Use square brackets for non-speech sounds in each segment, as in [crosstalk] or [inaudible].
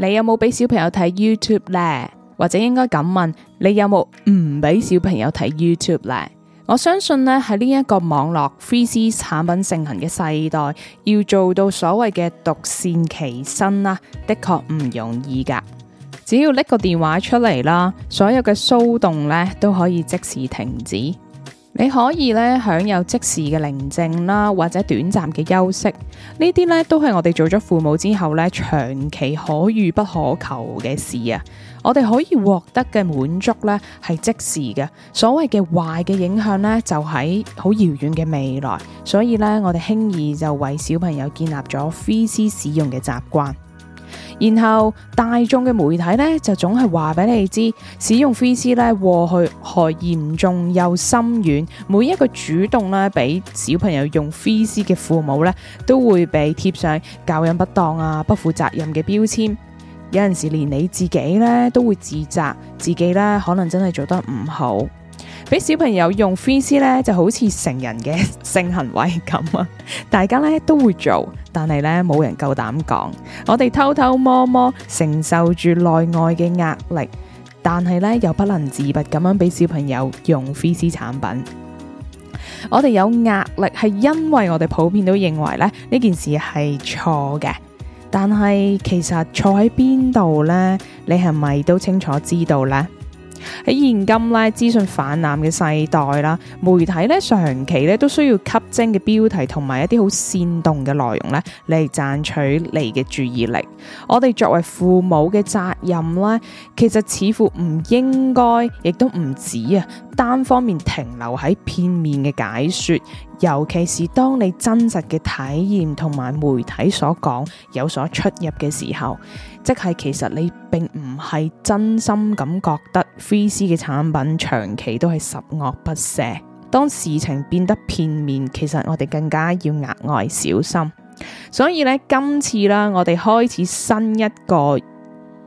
你有冇俾小朋友睇 YouTube 呢？或者應該咁問，你有冇唔俾小朋友睇 YouTube 呢？」我相信呢喺呢一個網絡 3C 產品盛行嘅世代，要做到所謂嘅獨善其身啦，的確唔容易噶。只要拎個電話出嚟啦，所有嘅騷動呢都可以即時停止。你可以咧享有即時嘅寧靜啦，或者短暫嘅休息，呢啲咧都係我哋做咗父母之後咧長期可遇不可求嘅事啊！我哋可以獲得嘅滿足咧係即時嘅，所謂嘅壞嘅影響咧就喺好遙遠嘅未來，所以咧我哋輕易就為小朋友建立咗 3C 使用嘅習慣。然後大眾嘅媒體呢，就總係話俾你知，使用 3C 呢，禍害嚴重又深遠。每一個主動呢，俾小朋友用 3C 嘅父母呢，都會被貼上教養不當啊、不負責任嘅標籤。有陣時連你自己呢，都會自責，自己呢，可能真係做得唔好。俾小朋友用 3C 咧，就好似成人嘅性行為咁啊！ [laughs] 大家咧都會做，但係咧冇人夠膽講，我哋偷偷摸摸承受住內外嘅壓力，但係咧又不能自拔咁樣俾小朋友用 3C 產品。我哋有壓力係因為我哋普遍都認為咧呢件事係錯嘅，但係其實錯喺邊度咧？你係咪都清楚知道呢？喺現今咧，資訊泛濫嘅世代啦，媒體咧長期咧都需要吸睛嘅標題同埋一啲好煽動嘅內容咧，嚟賺取你嘅注意力。我哋作為父母嘅責任咧，其實似乎唔應該，亦都唔止啊。單方面停留喺片面嘅解說，尤其是當你真實嘅體驗同埋媒體所講有所出入嘅時候，即係其實你並唔係真心咁覺得 3C 嘅產品長期都係十惡不赦。當事情變得片面，其實我哋更加要額外小心。所以呢，今次啦，我哋開始新一個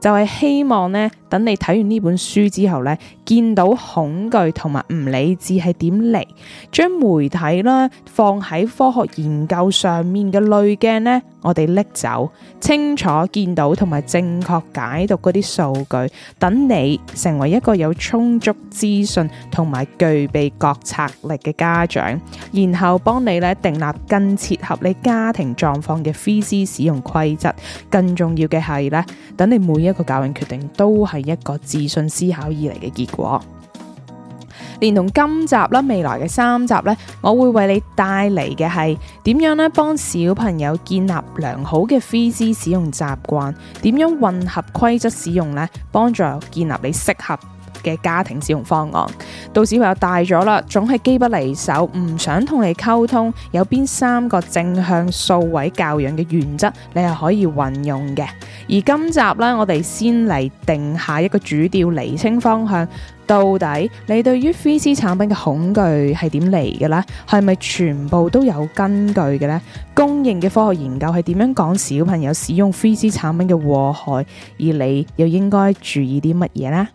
就係希望咧，等你睇完呢本書之後咧，見到恐懼同埋唔理智係點嚟，將媒體啦，放喺科學研究上面嘅濾鏡咧，我哋拎走，清楚見到同埋正確解讀嗰啲數據，等你成為一個有充足資訊同埋具備覺察力嘅家長，然後幫你咧定立更切合你家庭狀況嘅 3C 使用規則，更重要嘅係咧，等你每一。一個教養決定都係一個自信思考以嚟嘅結果，連同今集啦，未來嘅三集呢，我會為你帶嚟嘅係點樣呢？幫小朋友建立良好嘅 3C 使用習慣，點樣混合規則使用呢？幫助建立你適合。嘅家庭使用方案。到小朋友大咗啦，總係機不離手，唔想同你溝通。有邊三個正向數位教養嘅原則，你係可以運用嘅。而今集咧，我哋先嚟定下一個主調，厘清方向。到底你對於非私產品 3C 產品嘅恐懼係點嚟嘅呢？係咪全部都有根據嘅呢？公認嘅科學研究係點樣講小朋友使用 3C 產品嘅禍害？而你又應該注意啲乜嘢呢？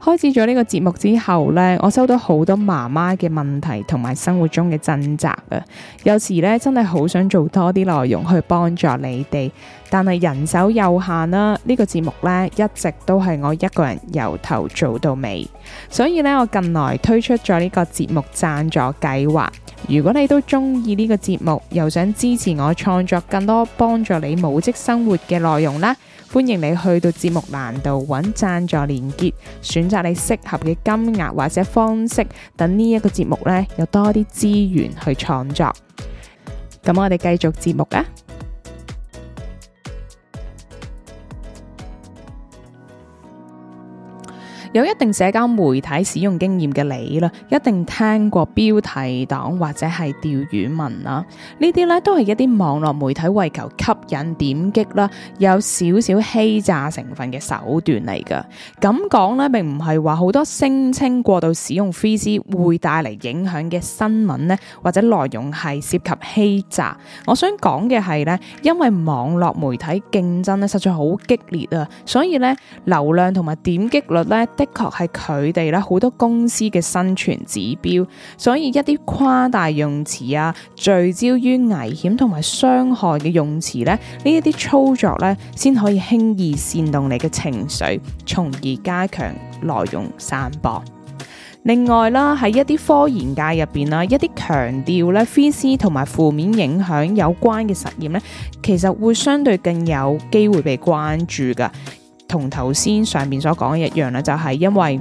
開始咗呢個節目之後呢，我收到好多媽媽嘅問題同埋生活中嘅掙扎啊！有時呢，真係好想做多啲內容去幫助你哋，但係人手有限啦。呢個節目呢，一直都係我一個人由頭做到尾，所以呢，我近來推出咗呢個節目贊助計劃。如果你都中意呢個節目，又想支持我創作更多幫助你母職生活嘅內容呢。歡迎你去到節目欄度揾贊助連結，選擇你適合嘅金額或者方式，等呢一個節目呢，有多啲資源去創作。咁我哋繼續節目啊！有一定社交媒體使用經驗嘅你啦，一定聽過標題黨或者係釣魚文啦，呢啲咧都係一啲網絡媒體為求吸引點擊啦，有少少欺詐成分嘅手段嚟噶。咁講咧，並唔係話好多聲稱過度使用 3C 會帶嚟影響嘅新聞咧，或者內容係涉及欺詐。我想講嘅係呢，因為網絡媒體競爭咧實在好激烈啊，所以呢，流量同埋點擊率咧的。確係佢哋咧，好多公司嘅生存指標，所以一啲誇大用詞啊，聚焦於危險同埋傷害嘅用詞咧，呢一啲操作咧，先可以輕易煽動你嘅情緒，從而加強內容散播。另外啦，喺一啲科研界入邊啦，一啲強調咧，3C 同埋負面影響有關嘅實驗咧，其實會相對更有機會被關注噶。同頭先上面所講嘅一樣啦，就係因為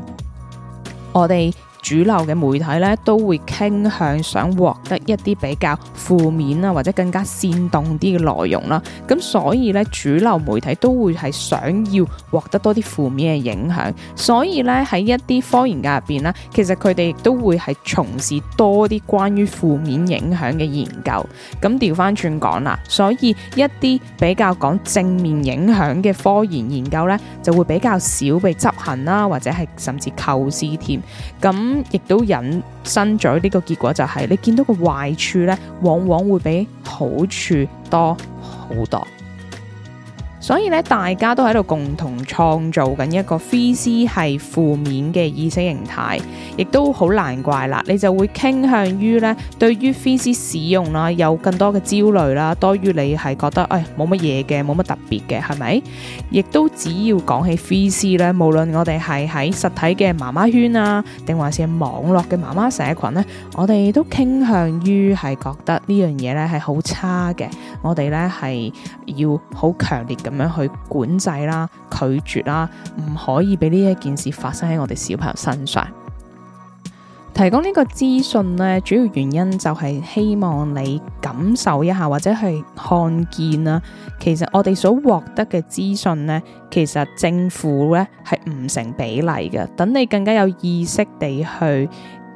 我哋，主流嘅媒體咧都會傾向想獲得一啲比較負面啊，或者更加煽動啲嘅內容啦。咁所以咧，主流媒體都會係想要獲得多啲負面嘅影響。所以咧，喺一啲科研界入邊啦，其實佢哋亦都會係從事多啲關於負面影響嘅研究。咁調翻轉講啦，所以一啲比較講正面影響嘅科研研究咧，就會比較少被執行啦，或者係甚至構思添。咁亦都引申咗呢個結果，就是，就係你見到個壞處咧，往往會比好處多好多。所以咧，大家都喺度共同創造緊一個 3C 係負面嘅意識形態，亦都好難怪啦。你就會傾向於咧，對於 3C 使用啦，有更多嘅焦慮啦，多於你係覺得，誒、哎，冇乜嘢嘅，冇乜特別嘅，係咪？亦都只要講起 3C 咧，無論我哋係喺實體嘅媽媽圈啊，定還是網絡嘅媽媽社群咧，我哋都傾向於係覺得呢樣嘢咧係好差嘅。我哋呢係要好強烈咁樣去管制啦、拒絕啦，唔可以俾呢一件事發生喺我哋小朋友身上。提供呢個資訊呢，主要原因就係希望你感受一下或者係看見啦。其實我哋所獲得嘅資訊呢，其實政府呢係唔成比例嘅。等你更加有意識地去。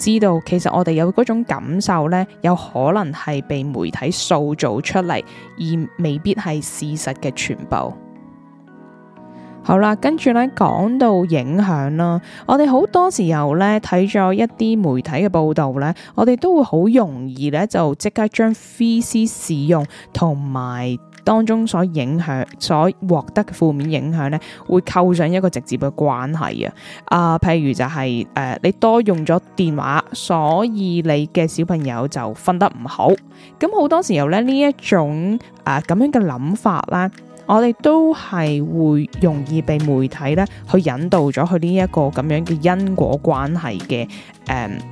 知道，其實我哋有嗰種感受呢，有可能係被媒體塑造出嚟，而未必係事實嘅全部。好啦，跟住呢講到影響啦，我哋好多時候呢，睇咗一啲媒體嘅報道呢，我哋都會好容易呢，就即刻將 3C 使用同埋，當中所影響所獲得嘅負面影響咧，會構上一個直接嘅關係啊！啊、呃，譬如就係、是、誒、呃，你多用咗電話，所以你嘅小朋友就瞓得唔好。咁好多時候咧，呃、呢一種啊咁樣嘅諗法啦，我哋都係會容易被媒體咧去引導咗去呢一個咁樣嘅因果關係嘅誒。呃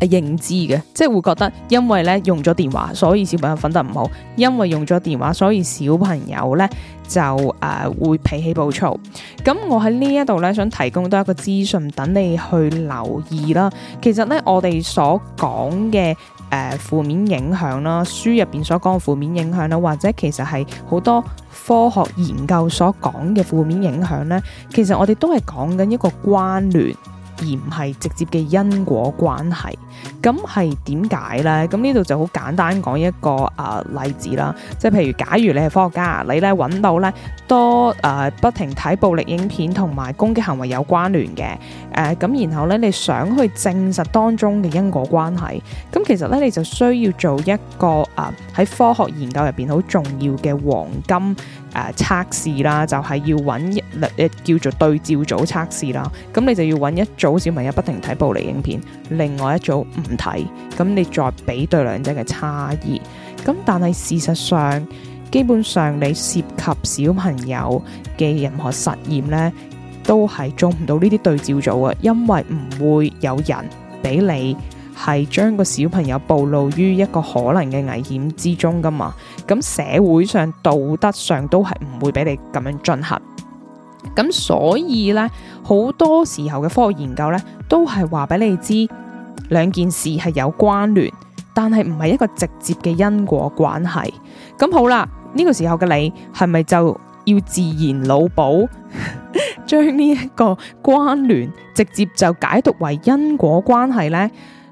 認知嘅，即係會覺得，因為咧用咗電話，所以小朋友瞓得唔好；因為用咗電話，所以小朋友咧就誒、呃、會脾氣暴躁。咁我喺呢一度咧，想提供多一個資訊，等你去留意啦。其實咧，我哋所講嘅誒負面影響啦，書入邊所講嘅負面影響啦，或者其實係好多科學研究所講嘅負面影響咧，其實我哋都係講緊一個關聯。而唔係直接嘅因果關係，咁係點解呢？咁呢度就好簡單講一個啊、呃、例子啦，即係譬如假如你係科學家，你咧揾到咧多啊、呃、不停睇暴力影片同埋攻擊行為有關聯嘅，誒、呃、咁，然後咧你想去證實當中嘅因果關係，咁其實咧你就需要做一個啊喺、呃、科學研究入邊好重要嘅黃金。誒、呃、測試啦，就係、是、要揾一叫做對照組測試啦。咁你就要揾一組小朋友不停睇暴力影片，另外一組唔睇。咁你再比對兩者嘅差異。咁但係事實上，基本上你涉及小朋友嘅任何實驗呢，都係做唔到呢啲對照組嘅，因為唔會有人俾你係將個小朋友暴露於一個可能嘅危險之中噶嘛。咁社會上道德上，都係唔會俾你咁樣進行，咁所以呢，好多時候嘅科學研究呢，都係話俾你知兩件事係有關聯，但係唔係一個直接嘅因果關係。咁好啦，呢個時候嘅你係咪就要自然腦補將呢一個關聯直接就解讀為因果關係呢，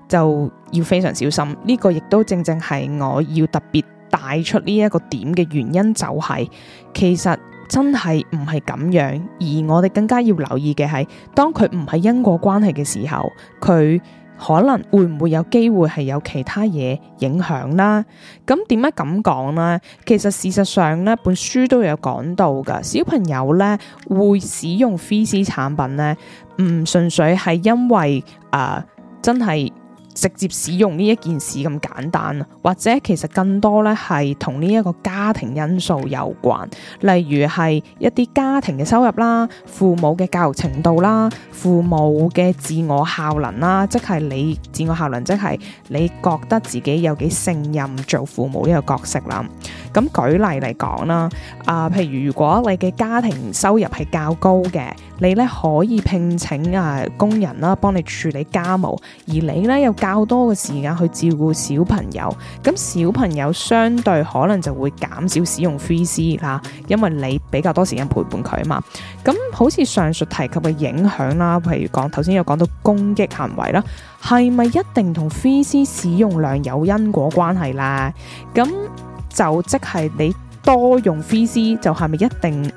就要非常小心。呢個亦都正正係我要特別。帶出呢一個點嘅原因就係、是，其實真係唔係咁樣。而我哋更加要留意嘅係，當佢唔係因果關係嘅時候，佢可能會唔會有機會係有其他嘢影響啦。咁點解咁講呢？其實事實上呢，本書都有講到噶，小朋友呢，會使用 3C 產品呢，唔純粹係因為啊、呃，真係。直接使用呢一件事咁簡單，或者其實更多咧係同呢一個家庭因素有關，例如係一啲家庭嘅收入啦、父母嘅教育程度啦、父母嘅自我效能啦，即係你自我效能，即係你，你覺得自己有幾勝任做父母呢個角色啦。咁舉例嚟講啦，啊、呃，譬如如果你嘅家庭收入係較高嘅。你咧可以聘請啊、呃、工人啦，幫你處理家務，而你咧有較多嘅時間去照顧小朋友。咁小朋友相對可能就會減少使用 3C 啦，因為你比較多時間陪伴佢啊嘛。咁好似上述提及嘅影響啦，譬如講頭先有講到攻擊行為啦，係咪一定同 3C 使用量有因果關係啦？咁就即係你多用 3C 就係咪一定？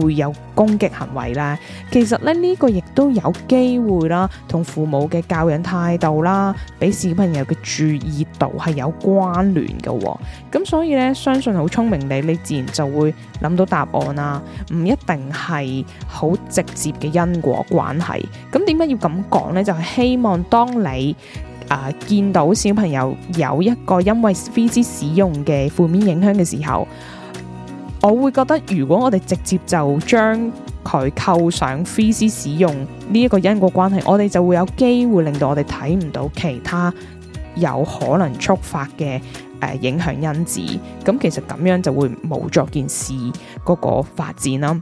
會有攻擊行為咧，其實咧呢、呢個亦都有機會啦，同父母嘅教養態度啦，俾小朋友嘅注意度係有關聯嘅、哦。咁所以咧，相信好聰明你，你自然就會諗到答案啦。唔一定係好直接嘅因果關係。咁點解要咁講呢？就係、是、希望當你啊、呃、見到小朋友有一個因為 3C 使用嘅負面影響嘅時候。我會覺得，如果我哋直接就將佢扣上 3C 使用呢一個因果關係，我哋就會有機會令到我哋睇唔到其他有可能觸發嘅、呃、影響因子。咁其實咁樣就會冇助件事嗰個發展啦。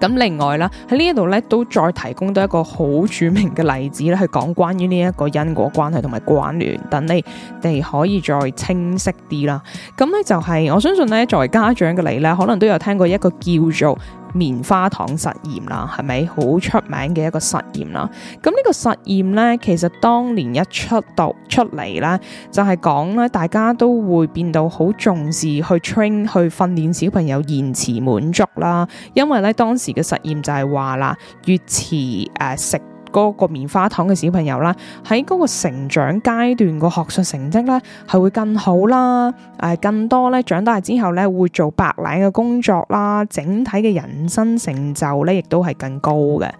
咁另外啦，喺呢一度咧都再提供到一個好著名嘅例子咧，去講關於呢一個因果關係同埋關聯，等你哋可以再清晰啲啦。咁咧就係、是、我相信咧，作為家長嘅你咧，可能都有聽過一個叫做、棉花糖實驗啦，係咪好出名嘅一個實驗啦？咁呢個實驗呢，其實當年一出到出嚟呢，就係講咧，大家都會變到好重視去 train 去訓練小朋友延遲滿足啦，因為呢，當時嘅實驗就係話啦，越遲誒、呃、食。嗰個棉花糖嘅小朋友啦，喺嗰個成長階段個學術成績咧係會更好啦，誒、呃、更多咧長大之後咧會做白領嘅工作啦，整體嘅人生成就咧亦都係更高嘅。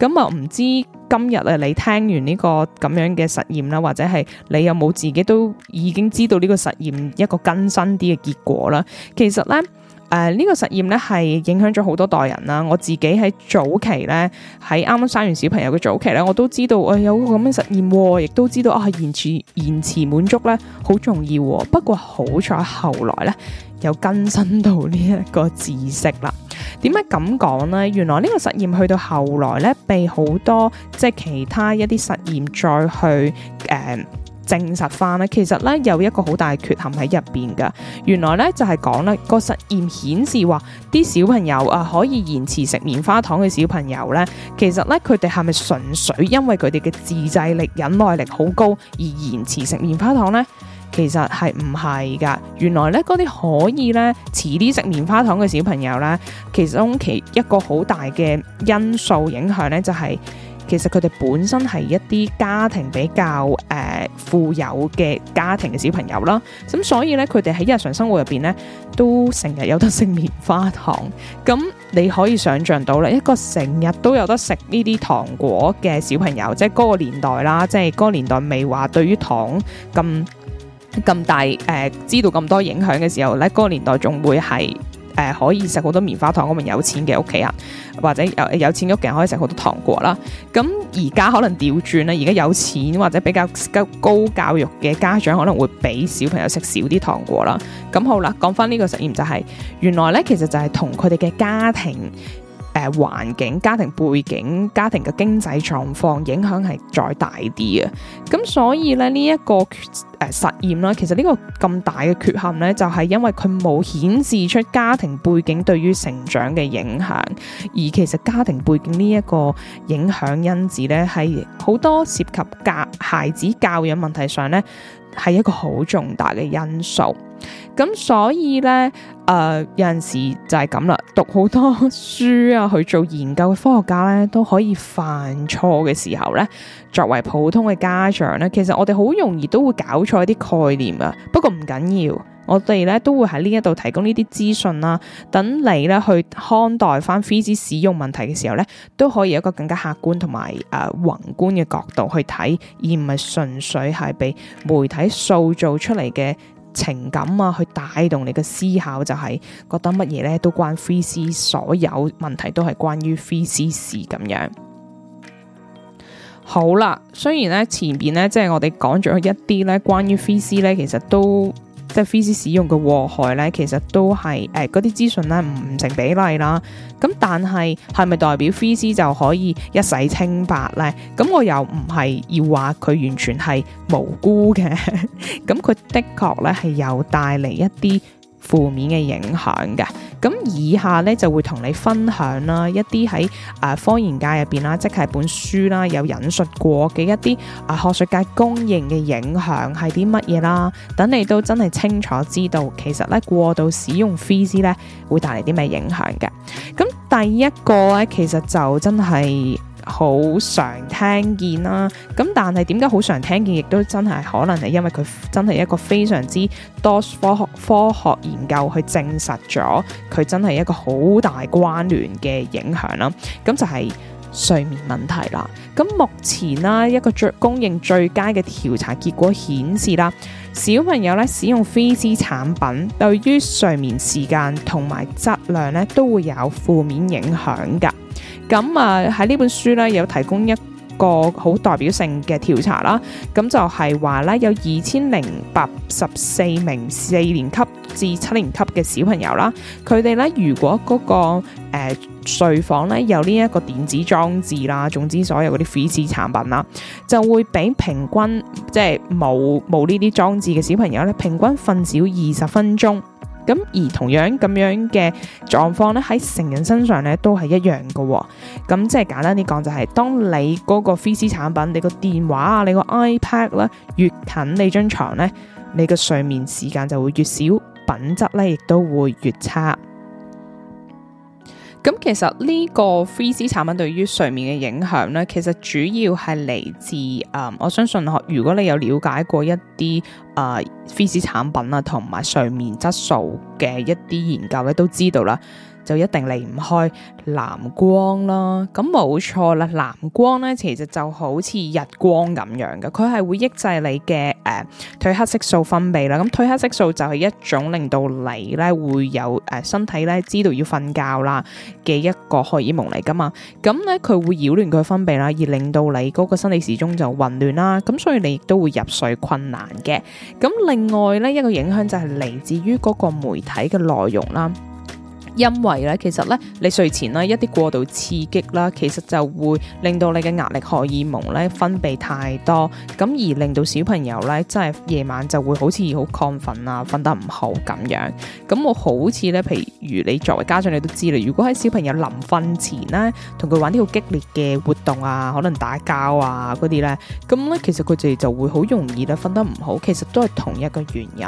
咁啊唔知今日啊你聽完、這個、呢個咁樣嘅實驗啦，或者係你有冇自己都已經知道呢個實驗一個更新啲嘅結果啦？其實咧。誒呢、呃這個實驗咧係影響咗好多代人啦！我自己喺早期咧，喺啱啱生完小朋友嘅早期咧，我都知道我、哎、有個咁嘅實驗喎、哦，亦都知道啊延遲延遲滿足咧好重要、哦。不過好彩後來咧，有更新到呢一個知識啦。點解咁講呢？原來呢個實驗去到後來咧，被好多即係其他一啲實驗再去誒。呃證實翻咧，其實咧有一個好大嘅缺陷喺入邊噶，原來咧就係講咧個實驗顯示話啲小朋友啊可以延遲食棉花糖嘅小朋友咧，其實咧佢哋係咪純粹因為佢哋嘅自制力、忍耐力好高而延遲食棉花糖呢？其實係唔係噶？原來咧嗰啲可以咧遲啲食棉花糖嘅小朋友咧，其中其一個好大嘅因素影響咧就係、是。其實佢哋本身係一啲家庭比較誒、呃、富有嘅家庭嘅小朋友啦，咁所以呢，佢哋喺日常生活入邊呢，都成日有得食棉花糖。咁你可以想象到啦，一個成日都有得食呢啲糖果嘅小朋友，即係嗰個年代啦，即係嗰個年代未話對於糖咁咁大誒、呃，知道咁多影響嘅時候呢嗰、嗰個年代仲會係。誒、呃、可以食好多棉花糖嗰啲有錢嘅屋企人，或者有有錢屋企可以食好多糖果啦。咁而家可能調轉啦，而家有錢或者比較高教育嘅家長可能會俾小朋友食少啲糖果啦。咁、啊嗯嗯嗯、好啦，講翻呢個實驗就係、是、原來呢其實就係同佢哋嘅家庭。誒、呃、環境、家庭背景、家庭嘅經濟狀況影響係再大啲啊！咁所以咧呢一、這個誒、呃、實驗咧，其實呢個咁大嘅缺陷呢，就係、是、因為佢冇顯示出家庭背景對於成長嘅影響，而其實家庭背景呢一個影響因子呢，係好多涉及教孩子教養問題上呢，係一個好重大嘅因素。咁所以咧，誒、呃，有陣時就係咁啦。讀好多書啊，去做研究嘅科學家咧，都可以犯錯嘅時候咧。作為普通嘅家長咧，其實我哋好容易都會搞錯一啲概念啊。不過唔緊要，我哋咧都會喺呢一度提供呢啲資訊啦，等你咧去看待返 3C 使用問題嘅時候咧，都可以有一個更加客觀同埋誒宏觀嘅角度去睇，而唔係純粹係被媒體塑造出嚟嘅。情感啊，去帶動你嘅思考，就係覺得乜嘢咧都關 3C，所有問題都係關於 3C 事咁樣。好啦，雖然咧前邊咧即係我哋講咗一啲咧關於 3C 咧，其實都。即係 3C 使用嘅禍害咧，其實都係誒嗰啲資訊咧唔唔成比例啦。咁但係係咪代表 3C 就可以一洗清白咧？咁我又唔係要話佢完全係無辜嘅。咁 [laughs] 佢的確咧係有帶嚟一啲負面嘅影響嘅。咁以下咧就會同你分享啦，一啲喺啊，科研界入邊啦，即係本書啦有引述過嘅一啲啊、呃，學術界公認嘅影響係啲乜嘢啦，等你都真係清楚知道，其實咧過度使用 3C 咧會帶嚟啲咩影響嘅。咁第一個咧，其實就真係。好常聽見啦，咁但係點解好常聽見？亦都真係可能係因為佢真係一個非常之多科學科學研究去證實咗，佢真係一個好大關聯嘅影響啦。咁就係睡眠問題啦。咁目前啦，一個最公認最佳嘅調查結果顯示啦，小朋友咧使用 3C 產品對於睡眠時間同埋質量咧都會有負面影響噶。咁啊，喺呢本書咧有提供一個好代表性嘅調查啦，咁就係話咧有二千零八十四名四年級至七年級嘅小朋友啦，佢哋咧如果嗰、嗰個、呃、睡房咧有呢一個電子裝置啦，總之所有嗰啲 3C 產品啦，就會比平均即係冇冇呢啲裝置嘅小朋友咧平均瞓少二十分鐘。咁而同樣咁樣嘅狀況咧，喺成人身上咧都係一樣嘅、哦。咁即係簡單啲講，就是，就係當你嗰個 3C 產品，你個電話啊，你個 iPad 咧越近你張床咧，你嘅睡眠時間就會越少，品質咧亦都會越差。咁其實呢個 3C 產品對於睡眠嘅影響咧，其實主要係嚟自誒、呃，我相信學，如果你有了解過一啲誒 3C 產品啊，同埋睡眠質素嘅一啲研究咧，都知道啦。就一定離唔開藍光啦，咁冇錯啦。藍光咧其實就好似日光咁樣嘅，佢係會抑制你嘅誒、呃、褪黑色素分泌啦。咁、嗯、褪黑色素就係一種令到你咧會有誒、呃、身體咧知道要瞓覺啦嘅一個荷爾蒙嚟噶嘛。咁咧佢會擾亂佢分泌啦，而令到你嗰個生理時鐘就混亂啦。咁、嗯、所以你亦都會入睡困難嘅。咁、嗯、另外咧一個影響就係嚟自於嗰個媒體嘅內容啦。因為咧，其實咧，你睡前咧一啲過度刺激啦，其實就會令到你嘅壓力荷爾蒙咧分泌太多，咁而令到小朋友咧真係夜晚就會好似好亢奮啊，瞓得唔好咁樣。咁我好似咧，譬如你作為家長，你都知啦，如果喺小朋友臨瞓前咧，同佢玩啲好激烈嘅活動啊，可能打交啊嗰啲咧，咁咧其實佢哋就會好容易咧瞓得唔好，其實都係同一個原因。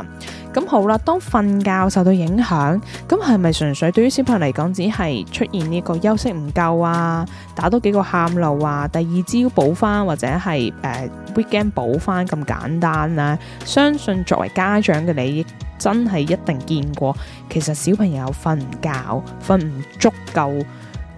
咁好啦，當瞓覺受到影響，咁係咪純粹，對於小朋友嚟講，只係出現呢個休息唔夠啊，打多幾個喊鬧啊，第二朝補翻或者係誒、呃、weekend 補翻咁簡單啦、啊。相信作為家長嘅你，亦真係一定見過。其實小朋友瞓唔覺、瞓唔足夠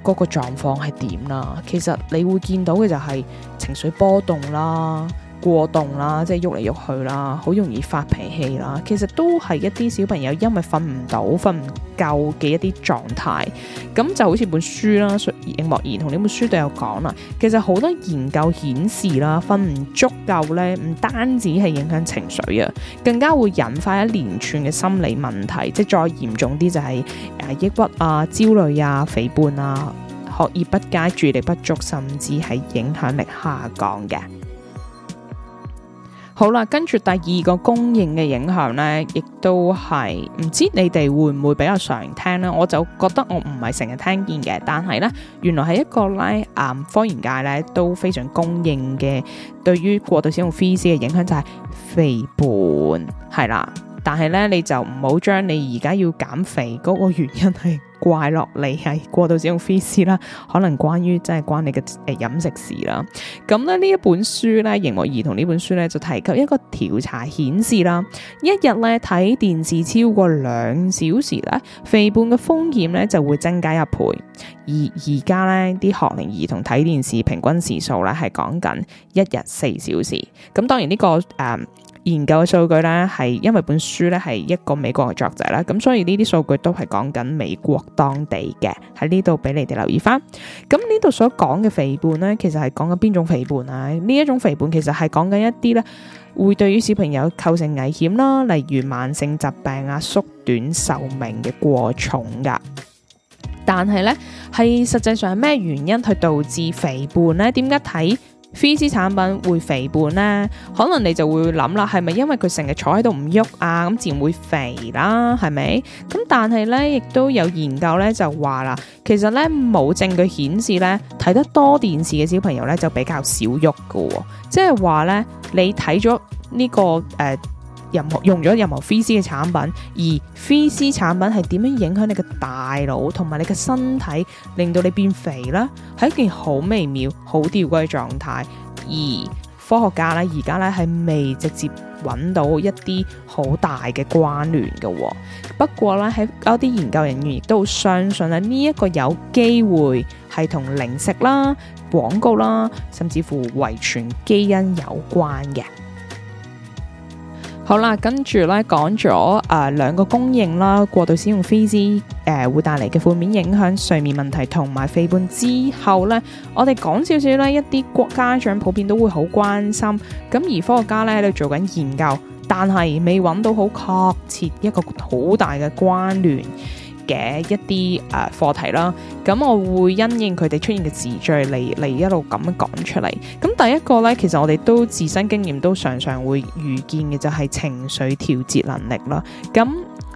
嗰個狀況係點啦？其實你會見到嘅就係情緒波動啦。過動啦，即係喐嚟喐去啦，好容易發脾氣啦。其實都係一啲小朋友因為瞓唔到、瞓唔夠嘅一啲狀態。咁就好似本書啦，應莫言同呢本書都有講啦。其實好多研究顯示啦，瞓唔足夠呢，唔單止係影響情緒啊，更加會引發一連串嘅心理問題。即再嚴重啲就係、是啊、抑鬱啊、焦慮啊、肥胖啊、學業不佳、注意力不足，甚至係影響力下降嘅。好啦，跟住第二個公應嘅影響呢，亦都係唔知你哋會唔會比較常聽呢，我就覺得我唔係成日聽見嘅，但係呢，原來係一個呢啊、嗯，科研界呢都非常公認嘅，對於過度使用 f r 嘅影響就係肥胖，係啦，但係呢，你就唔好將你而家要減肥嗰、那個原因係。怪落嚟係過度使用 3C 啦，可能關於真係關你嘅誒飲食事啦。咁咧呢一本書咧《熒幕兒童》呢本書咧就提及一個調查顯示啦，一日咧睇電視超過兩小時咧，肥胖嘅風險咧就會增加一倍。而而家咧啲學齡兒童睇電視平均時數咧係講緊一日四小時。咁當然呢、這個誒。呃研究嘅數據咧，係因為本書咧係一個美國嘅作者啦，咁所以呢啲數據都係講緊美國當地嘅，喺呢度俾你哋留意返。咁呢度所講嘅肥胖呢，其實係講緊邊種肥胖啊？呢一種肥胖其實係講緊一啲咧會對於小朋友構成危險啦，例如慢性疾病啊、縮短壽命嘅過重㗎。但係呢，係實際上係咩原因去導致肥胖呢？點解睇 3C 產品會肥胖呢，可能你就會諗啦，係咪因為佢成日坐喺度唔喐啊，咁自然會肥啦，係咪？咁但係呢，亦都有研究呢就話啦，其實呢，冇證據顯示呢，睇得多電視嘅小朋友呢就比較少喐㗎喎，即係話呢，你睇咗呢個誒。呃任何用咗任何 3C 嘅產品，而 3C 產品係點樣影響你嘅大腦同埋你嘅身體，令到你變肥咧，係一件好微妙、好吊詭嘅狀態。而科學家咧，而家咧係未直接揾到一啲好大嘅關聯嘅，哦。不過咧，喺一啲研究人員亦都相信咧，呢一個有機會係同零食啦、廣告啦，甚至乎遺傳基因有關嘅。好啦，跟住咧講咗誒、呃、兩個供應啦，過度使用飛機誒會帶嚟嘅負面影響、睡眠問題同埋肥胖之後呢，我哋講少少呢一啲家長普遍都會好關心，咁而科學家呢喺度做緊研究，但係未揾到好確切一個好大嘅關聯。嘅一啲誒課題啦，咁我會因應佢哋出現嘅字序嚟嚟一路咁講出嚟。咁第一個咧，其實我哋都自身經驗都常常會遇見嘅就係情緒調節能力啦。咁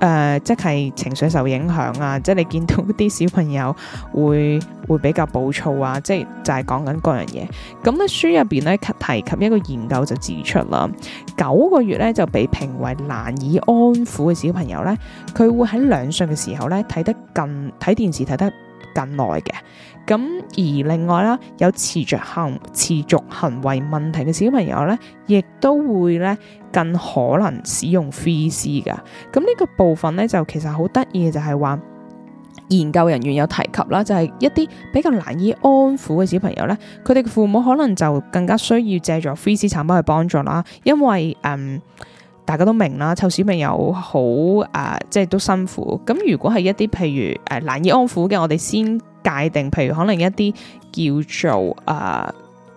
誒、呃，即係情緒受影響啊！即係你見到啲小朋友會會比較暴躁啊！即係就係講緊嗰樣嘢。咁咧書入邊咧提及一個研究就指出啦，九個月咧就被評為難以安撫嘅小朋友咧，佢會喺兩歲嘅時候咧睇得近睇電視睇得更耐嘅。咁而另外啦，有持續行持續行為問題嘅小朋友咧，亦都會咧更可能使用 3C 㗎。咁、這、呢個部分咧，就其實好得意嘅，就係、是、話研究人員有提及啦，就係、是、一啲比較難以安撫嘅小朋友咧，佢哋父母可能就更加需要借助 3C 產品去幫助啦，因為嗯、呃、大家都明啦，湊小朋友好啊、呃，即係都辛苦。咁如果係一啲譬如誒、呃、難以安撫嘅，我哋先界定，譬如可能一啲叫做啊、呃，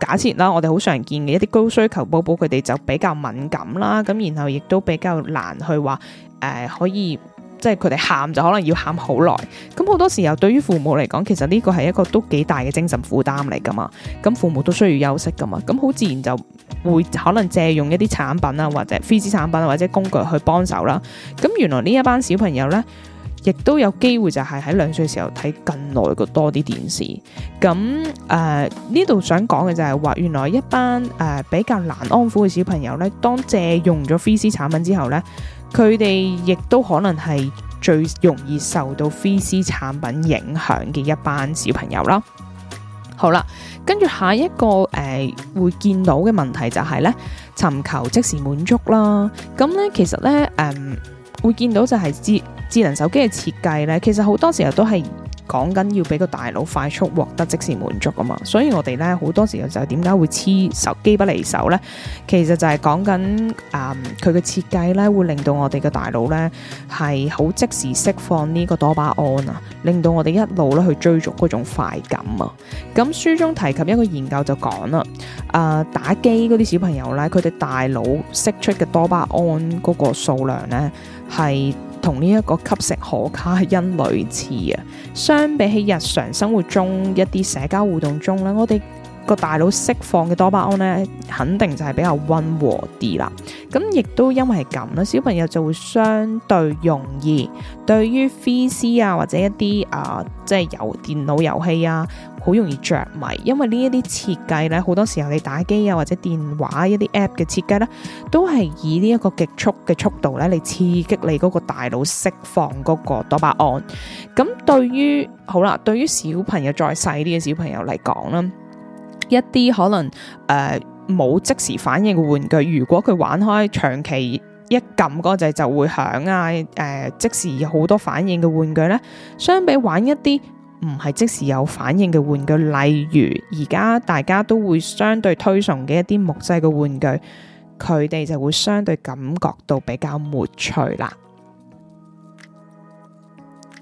假設啦，我哋好常見嘅一啲高需求寶寶，佢哋就比較敏感啦，咁然後亦都比較難去話誒、呃，可以即係佢哋喊就可能要喊好耐，咁好多時候對於父母嚟講，其實呢個係一個都幾大嘅精神負擔嚟㗎嘛，咁父母都需要休息㗎嘛，咁好自然就會可能借用一啲產品啦，或者非資產品或者工具去幫手啦，咁原來呢一班小朋友呢。亦都有機會就係喺兩歲嘅時候睇更耐過多啲電視，咁誒呢度想講嘅就係話，原來一班誒、呃、比較難安撫嘅小朋友呢，當借用咗 3C 產品之後呢，佢哋亦都可能係最容易受到 3C 產品影響嘅一班小朋友啦。好啦，跟住下一個誒、呃、會見到嘅問題就係呢，尋求即時滿足啦。咁呢其實呢。誒、嗯。會見到就係智智能手機嘅設計呢，其實好多時候都係講緊要俾個大腦快速獲得即時滿足噶嘛。所以我哋呢，好多時候就點解會黐手機不離手呢？其實就係講緊，誒佢嘅設計呢，會令到我哋嘅大腦呢係好即時釋放呢個多巴胺啊，令到我哋一路咧去追逐嗰種快感啊。咁書中提及一個研究就講啦，誒、呃、打機嗰啲小朋友呢，佢哋大腦釋出嘅多巴胺嗰個數量呢。係同呢一個吸食可卡因類似啊，相比起日常生活中一啲社交互動中咧，我哋，個大腦釋放嘅多巴胺咧，肯定就係比較溫和啲啦。咁亦都因為係咁啦，小朋友就會相對容易對於 3C 啊或者一啲啊、呃、即係遊電腦遊戲啊，好容易着迷。因為呢一啲設計咧，好多時候你打機啊或者電話一啲 App 嘅設計咧，都係以呢一個極速嘅速度咧嚟刺激你嗰個大腦釋放嗰個多巴胺。咁對於好啦，對於小朋友再細啲嘅小朋友嚟講啦。一啲可能誒冇、呃、即時反應嘅玩具，如果佢玩開長期一撳嗰隻就會響啊！誒、呃、即時有好多反應嘅玩具咧，相比玩一啲唔係即時有反應嘅玩具，例如而家大家都會相對推崇嘅一啲木製嘅玩具，佢哋就會相對感覺到比較沒趣啦。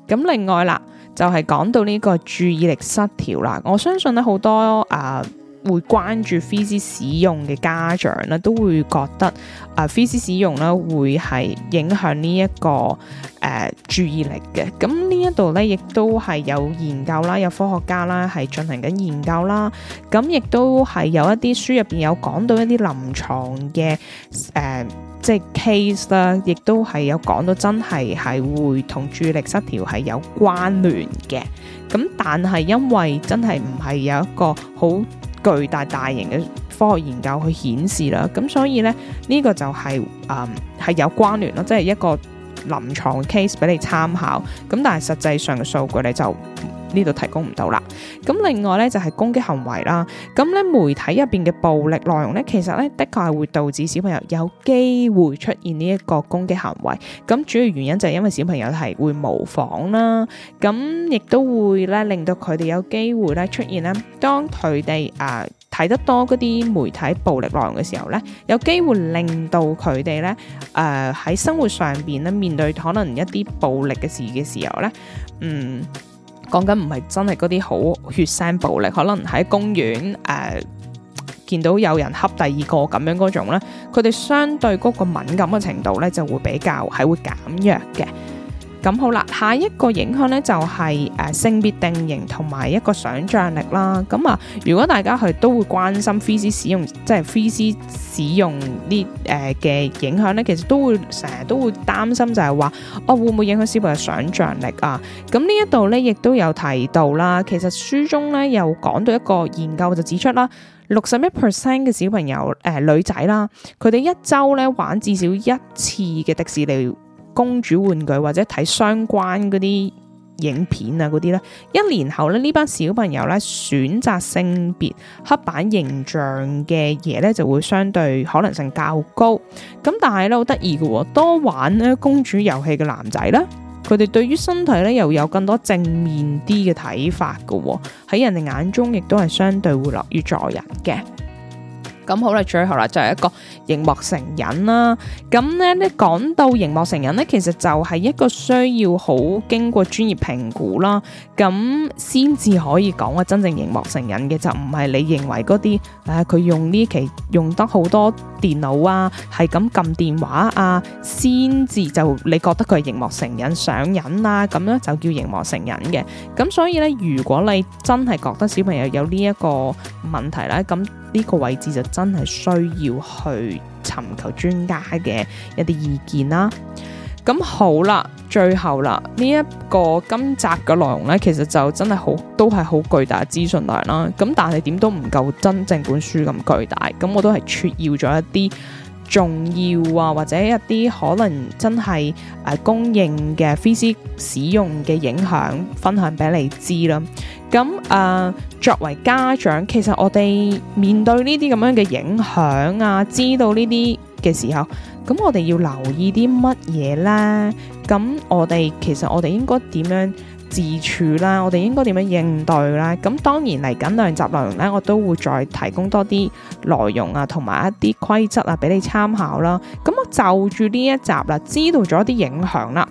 咁另外啦。就係講到呢個注意力失調啦，我相信咧好多啊、呃、會關注 3C 使用嘅家長咧都會覺得啊 3C 使用咧會係影響呢、這、一個誒、呃、注意力嘅。咁呢一度咧亦都係有研究啦，有科學家啦係進行緊研究啦，咁亦都係有一啲書入邊有講到一啲臨床嘅誒。呃即係 case 啦，亦都係有講到真係係會同注意力失調係有關聯嘅。咁但係因為真係唔係有一個好巨大大型嘅科學研究去顯示啦，咁所以呢，呢、呢個就係誒係有關聯咯，即係一個臨床 case 俾你參考。咁但係實際上嘅數據咧就。呢度提供唔到啦。咁另外呢就係攻擊行為啦。咁呢媒體入邊嘅暴力內容呢，其實呢的確係會導致小朋友有機會出現呢一個攻擊行為。咁主要原因就係因為小朋友係會模仿啦。咁亦都會呢令到佢哋有機會呢出現呢。當佢哋啊睇得多嗰啲媒體暴力內容嘅時候呢，有機會令到佢哋呢誒喺生活上邊呢面對可能一啲暴力嘅事嘅時候呢，嗯。講緊唔係真係嗰啲好血腥暴力，可能喺公園誒、呃、見到有人恰第二個咁樣嗰種咧，佢哋相對嗰個敏感嘅程度咧就會比較係會減弱嘅。咁好啦，下一個影響咧就係、是、誒、呃、性別定型同埋一個想象力啦。咁、嗯、啊，如果大家係都會關心 3C 使用，即係 3C 使用啲誒嘅影響咧，其實都會成日都會擔心就係話，哦會唔會影響小朋友想象力啊？咁、嗯、呢一度咧亦都有提到啦。其實書中咧又講到一個研究就指出啦，六十一 percent 嘅小朋友誒、呃、女仔啦，佢哋一周咧玩至少一次嘅迪士尼。公主玩具或者睇相關嗰啲影片啊，嗰啲咧，一年後咧呢班小朋友咧選擇性別刻板形象嘅嘢咧，就會相對可能性較高。咁但係咧好得意嘅，多玩咧公主遊戲嘅男仔咧，佢哋對於身體咧又有更多正面啲嘅睇法嘅。喺、哦、人哋眼中亦都係相對會樂於助人嘅。咁好啦，最後啦就係、是、一個熒幕成癮啦。咁咧，咧講到熒幕成癮咧，其實就係一個需要好經過專業評估啦，咁先至可以講啊真正熒幕成癮嘅，就唔係你認為嗰啲誒佢用呢期用得好多電腦啊，係咁撳電話啊，先至就你覺得佢係熒幕成癮上癮啊咁樣就叫熒幕成癮嘅。咁所以咧，如果你真係覺得小朋友有呢一個問題咧，咁呢個位置就真。真係需要去尋求專家嘅一啲意見啦。咁好啦，最後啦，呢一個今集嘅內容呢，其實就真係好，都係好巨大嘅資訊量啦。咁但係點都唔夠真正本書咁巨大。咁我都係撮要咗一啲。重要啊，或者一啲可能真係誒、呃、公認嘅 3C 使用嘅影響，分享俾你知啦。咁誒、呃、作為家長，其實我哋面對呢啲咁樣嘅影響啊，知道呢啲嘅時候，咁我哋要留意啲乜嘢咧？咁我哋其實我哋應該點樣？自處啦，我哋應該點樣應對啦？咁當然，嚟緊兩集內容呢，我都會再提供多啲內容啊，同埋一啲規則啊，俾你參考啦。咁我就住呢一集啦，知道咗啲影響啦，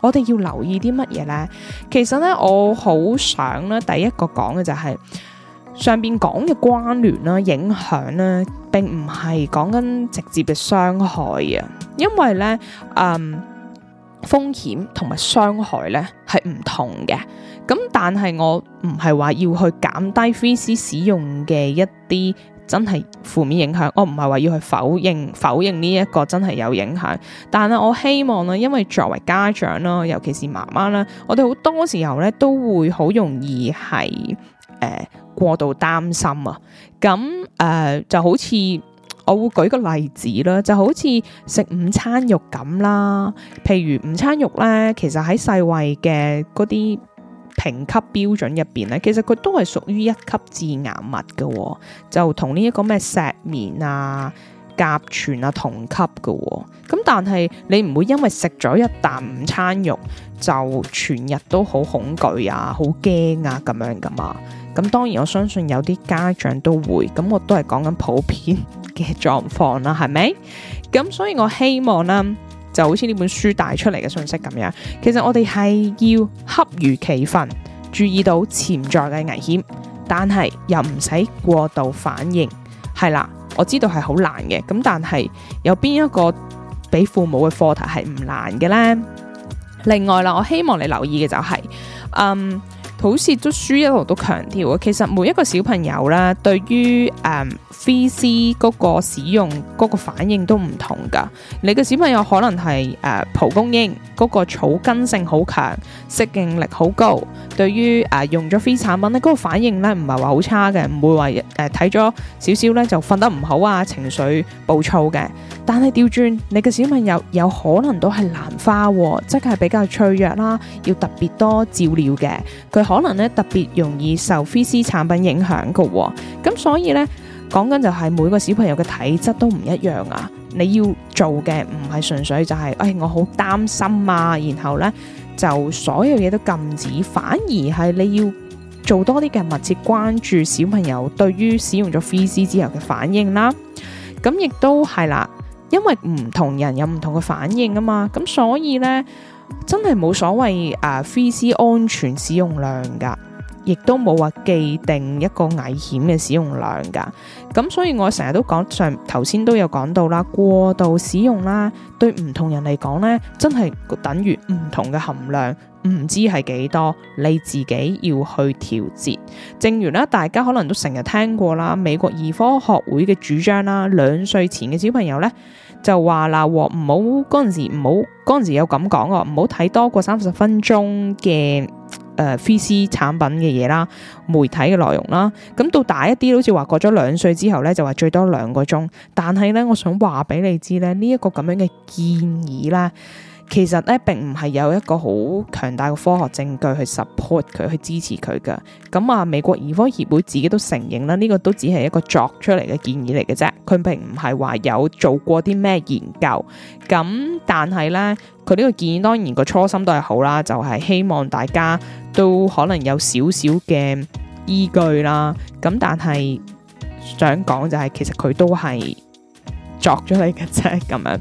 我哋要留意啲乜嘢呢？其實呢，我好想咧，第一個講嘅就係、是、上邊講嘅關聯啦、啊、影響啦、啊，並唔係講緊直接嘅傷害啊，因為呢。嗯。風險同埋傷害咧係唔同嘅，咁但係我唔係話要去減低 3C 使用嘅一啲真係負面影響，我唔係話要去否認否認呢一個真係有影響，但係我希望咧，因為作為家長啦，尤其是媽媽啦，我哋好多時候咧都會好容易係誒、呃、過度擔心啊，咁誒、呃、就好似。我會舉個例子啦，就好似食午餐肉咁啦。譬如午餐肉咧，其實喺世衛嘅嗰啲評級標準入邊咧，其實佢都係屬於一級致癌物嘅，就同呢一個咩石棉啊，甲醛啊，同級噶、哦，咁但係你唔會因為食咗一啖午餐肉就全日都好恐懼啊，好驚啊咁樣噶嘛？咁、嗯、當然我相信有啲家長都會，咁、嗯、我都係講緊普遍嘅狀況啦，係咪？咁、嗯、所以我希望啦，就好似呢本書帶出嚟嘅信息咁樣，其實我哋係要恰如其分，注意到潛在嘅危險，但係又唔使過度反應，係啦。我知道係好難嘅，咁但係有邊一個俾父母嘅課題係唔難嘅咧？另外啦，我希望你留意嘅就係、是，嗯。好似讀書一路都強調啊，其實每一個小朋友啦，對於誒 C 絲嗰個使用嗰個反應都唔同㗎。你嘅小朋友可能係誒、呃、蒲公英嗰、那個草根性好強，適應力好高，對於誒、呃、用咗飛產品咧嗰、那個反應咧唔係話好差嘅，唔會話誒睇咗少少咧就瞓得唔好啊，情緒暴躁嘅。但係掉轉你嘅小朋友有可能都係蘭花、哦，即係比較脆弱啦，要特別多照料嘅，佢。可能咧特別容易受 3C 產品影響㗎喎，咁所以咧講緊就係每個小朋友嘅體質都唔一樣啊！你要做嘅唔係純粹就係，哎我好擔心啊，然後咧就所有嘢都禁止，反而係你要做多啲嘅密切關注小朋友對於使用咗 3C 之後嘅反應啦。咁亦都係啦，因為唔同人有唔同嘅反應啊嘛，咁所以咧。真係冇所謂啊 3C 安全使用量噶亦都冇話既定一個危險嘅使用量噶咁所以我成日都講，上頭先都有講到啦，過度使用啦，對唔同人嚟講呢，真係等於唔同嘅含量，唔知係幾多，你自己要去調節。正如咧，大家可能都成日聽過啦，美國兒科學會嘅主張啦，兩歲前嘅小朋友呢，就話啦，唔好嗰陣時，唔好嗰陣時有咁講喎，唔好睇多過三十分鐘嘅誒，呃、3C 產品嘅嘢啦，媒體嘅內容啦。咁到大一啲，好似話過咗兩歲之後呢，就話最多兩個鐘。但係呢，我想話俾你知咧，呢、呢、一個咁樣嘅建議啦。其實咧，並唔係有一個好強大嘅科學證據去 support 佢，去支持佢嘅。咁、嗯、啊，美國兒科協會自己都承認啦，呢、這個都只係一個作出嚟嘅建議嚟嘅啫。佢並唔係話有做過啲咩研究。咁、嗯、但係咧，佢呢個建議當然個初心都係好啦，就係、是、希望大家都可能有少少嘅依據啦。咁、嗯、但係想講就係、是，其實佢都係作出嚟嘅啫，咁樣。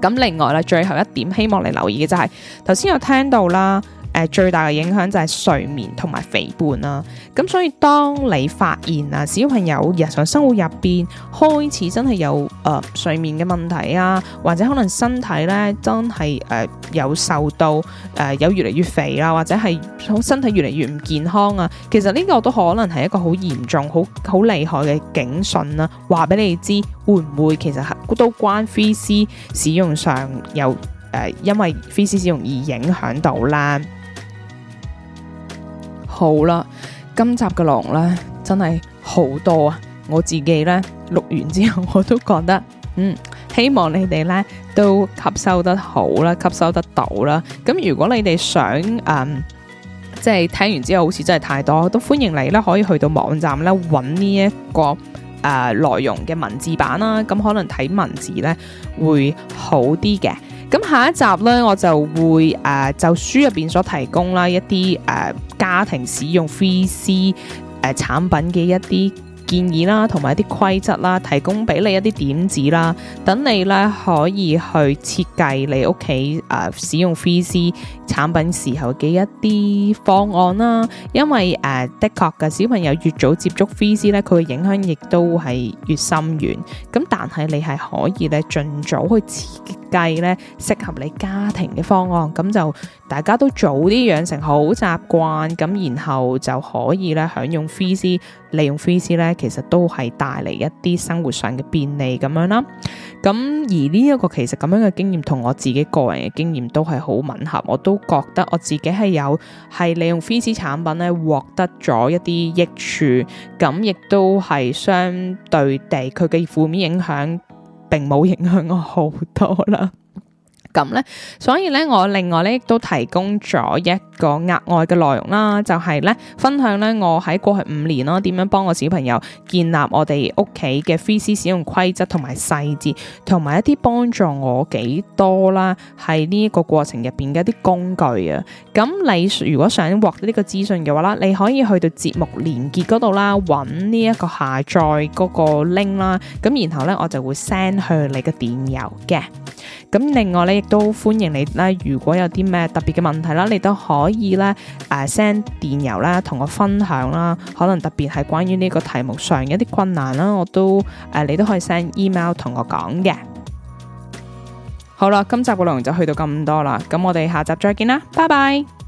咁另外啦，最後一點希望你留意嘅就係、是，頭先有聽到啦。誒，最大嘅影響就係睡眠同埋肥胖啦、啊。咁所以，當你發現啊，小朋友日常生活入邊開始真係有誒、呃、睡眠嘅問題啊，或者可能身體咧真係誒、呃、有受到誒、呃、有越嚟越肥啦、啊，或者係好身體越嚟越唔健康啊，其實呢個都可能係一個好嚴重、好好厲害嘅警訊啦、啊。話俾你知，會唔會其實都關 3C 使用上有誒、呃，因為 3C 使用而影響到啦？好啦，今集嘅狼咧真係好多啊！我自己咧錄完之後，我都覺得嗯，希望你哋咧都吸收得好啦，吸收得到啦。咁如果你哋想嗯，即係聽完之後好似真係太多，都歡迎你咧可以去到網站咧搵呢一個誒內容嘅文字版啦。咁、嗯、可能睇文字咧會好啲嘅。咁下一集咧，我就會誒、呃、就書入邊所提供啦一啲誒、呃、家庭使用 3C 誒、呃、產品嘅一啲建議啦，同埋一啲規則啦，提供俾你一啲點子啦，等你咧可以去設計你屋企誒使用 3C 產品時候嘅一啲方案啦。因為誒、呃，的確嘅小朋友越早接觸 3C 咧，佢嘅影響亦都係越深遠。咁但係你係可以咧盡早去設計咧適合你家庭嘅方案，咁就大家都早啲養成好習慣，咁然後就可以咧享用 3C。利用 3C 咧，其實都係帶嚟一啲生活上嘅便利咁樣啦。咁而呢、這、一個其實咁樣嘅經驗，同我自己個人嘅經驗都係好吻合。我都覺得我自己係有係利用 3C 產品咧，獲得咗一啲益處。咁亦都係相對地，佢嘅負面影響並冇影響我好多啦。咁咧，所以咧，我另外咧都提供咗一個額外嘅內容啦，就係、是、咧分享咧，我喺過去五年咯，點樣幫我小朋友建立我哋屋企嘅飛絲使用規則同埋細節，同埋一啲幫助我幾多啦，喺呢一個過程入邊嘅一啲工具啊。咁你如果想獲得呢個資訊嘅話啦，你可以去到節目連結嗰度啦，搵呢一個下載嗰個 link 啦，咁然後咧我就會 send 向你嘅電郵嘅。咁另外咧，亦都歡迎你咧，如果有啲咩特別嘅問題啦，你都可以咧，誒、呃、send 電郵啦，同我分享啦。可能特別係關於呢個題目上嘅一啲困難啦，我都誒、呃、你都可以 send email 同我講嘅。 [music] 好啦，今集個內容就去到咁多啦。咁我哋下集再見啦，拜拜。